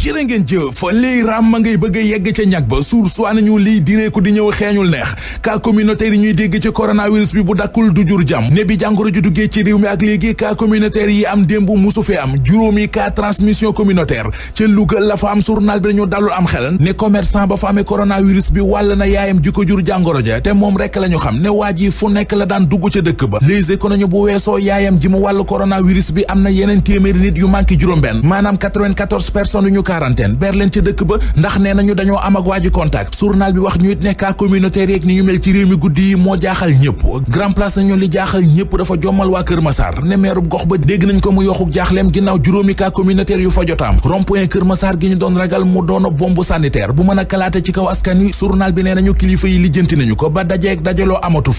ci la ngeen jëf liy ràmm ngay bëgg a yegg ca ñag ba suur soi nañu liy direeku di ñëw xeeñul neex cas communautaire yi ñuy dégg ci coronavirus bi bu dakkul du jur jàmm ne bi jàngoro ju duggee ci réew mi ak léegi cas communautaire yi am démb musu fee am juróomi cas transmission communautaire ca Louga la fa am journal bi dañu dalul am xel ne commerçant ba fa amee coronavirus bi wàll na yaayam ji ko jur jàngoro ja te moom rek la ñu xam ne waa ca dëkk ba les économies bu weesoo yaayam ji mu wàll coronavirus quarantaine ber leen ca dëkk ba ndax nee nañu dañoo am ak waa contact journal bi wax ñu it ne cas communautaire yeeg ni mel ci réew mi guddi yi moo jaaxal ñëpp grand place nañu li jaaxal ñëpp dafa jommal waa Kër Massar ne gox ba dégg nañ ko mu yoxuk jaaxleem ginnaaw juróomi cas communautaire yu fa jotaam rond Kër Massar gi ñu doon ragal mu doono bombe sanitaire bu mën a kalaate ci kaw askan bi nee nañu kilifa yi lijjanti nañu ko ba dajeeg dajaloo amatu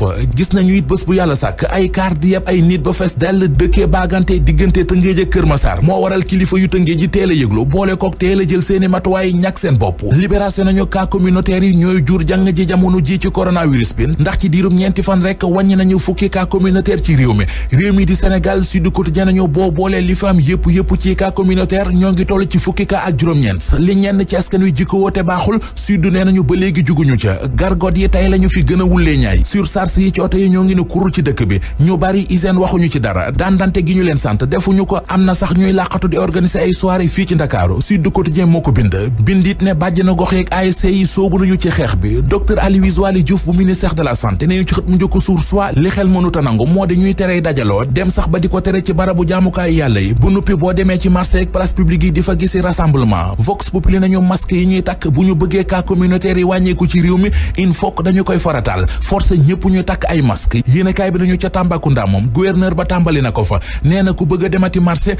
a teel a jël seeni matuwaay ñàkk seen bopp libération nañu cas communautaire yi ñooy jur jàng ji jamono ji ci coronavirus bi ndax ci diirum ñeenti fan rek wàññi nañu fukki cas communautaire ci réew mi réew mi di Sénégal Sud Quotidien nañu boo boolee li fa am yëpp yëpp ci cas communautaire ñoo ngi toll ci fukki cas ak juróom-ñeent li ñenn ci askan wi jikko woote baaxul Sud nee nañu ba léegi juguñu ca gargot yi tey lañu fi gën a wullee ñaay sur sars yi ci oto yi ñoo ngi ne kurul ci dëkk bi ñu bari hygiène waxuñu ci dara dandante gi ñu leen sant defuñu ko am na sax ñuy làqatu di organiser ay soirée fii ci Ndakaaru quotidien moo ko bind bindit ne bàjj na gox yeeg ASC yi soobu nañu ci xeex bi docteur ali Waly Diouf bu ministère de la santé ne ñu ci xët mu njëkk suur li xel mënut nangu moo di ñuy terey dajaloo dem sax ba di ko tere ci barabu jaamukaay yàlla yi bu nuppi boo demee ci marché ak place publique yi di fa gisi rassemblement vox populi nañu masque yi ñuy takk bu ñu bëggee cas communautaire yi wàññeeku ci réew mi in fokk dañu koy faratal forcé ñëpp ñu takk ay masque yéene kaay bi nañu ca Tambacounda moom gouverneur ba tàmbali na ko nee na ku bëgg a demati marché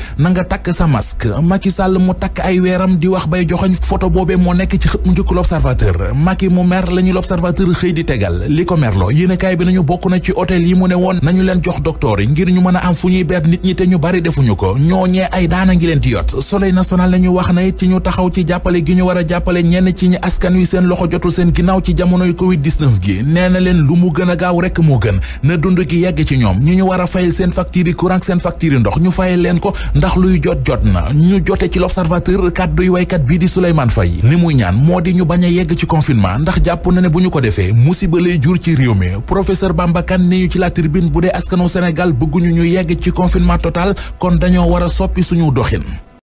takk sa masque Macky Sall mu takk ay weer yaram di wax bay joxoñ photo boobee moo nekk ci mu njëkk l'observateur Macky mu mer la ñu xëy di tegal li ko merlo yéenekaay bi nañu bokk na ci hôtel yi mu ne woon nañu leen jox docteur yi ngir ñu mën a am fu ñuy ber nit ñi te ñu bari defuñu ko ñooñee ay daana ngi soleil national nañu wax na it ci ñu taxaw ci jàppale gi ñu war a jàppale ñenn ci ñi askan wi seen loxo jotul seen ginnaaw ci jamonoy covid gi nee na leen lu mu gën a a duy waykat bii di Souleymane fay li muy ñaan moo di ñu bañ a yegg ci confinement ndax jàpp na ne bu ñu ko defee musiba lay jur ci réew mi professeur Bamba Kane ni ñu ci la tribune bu dee askanu Sénégal bëgguñu ñu yegg ci confinement total kon dañoo war a soppi suñu doxin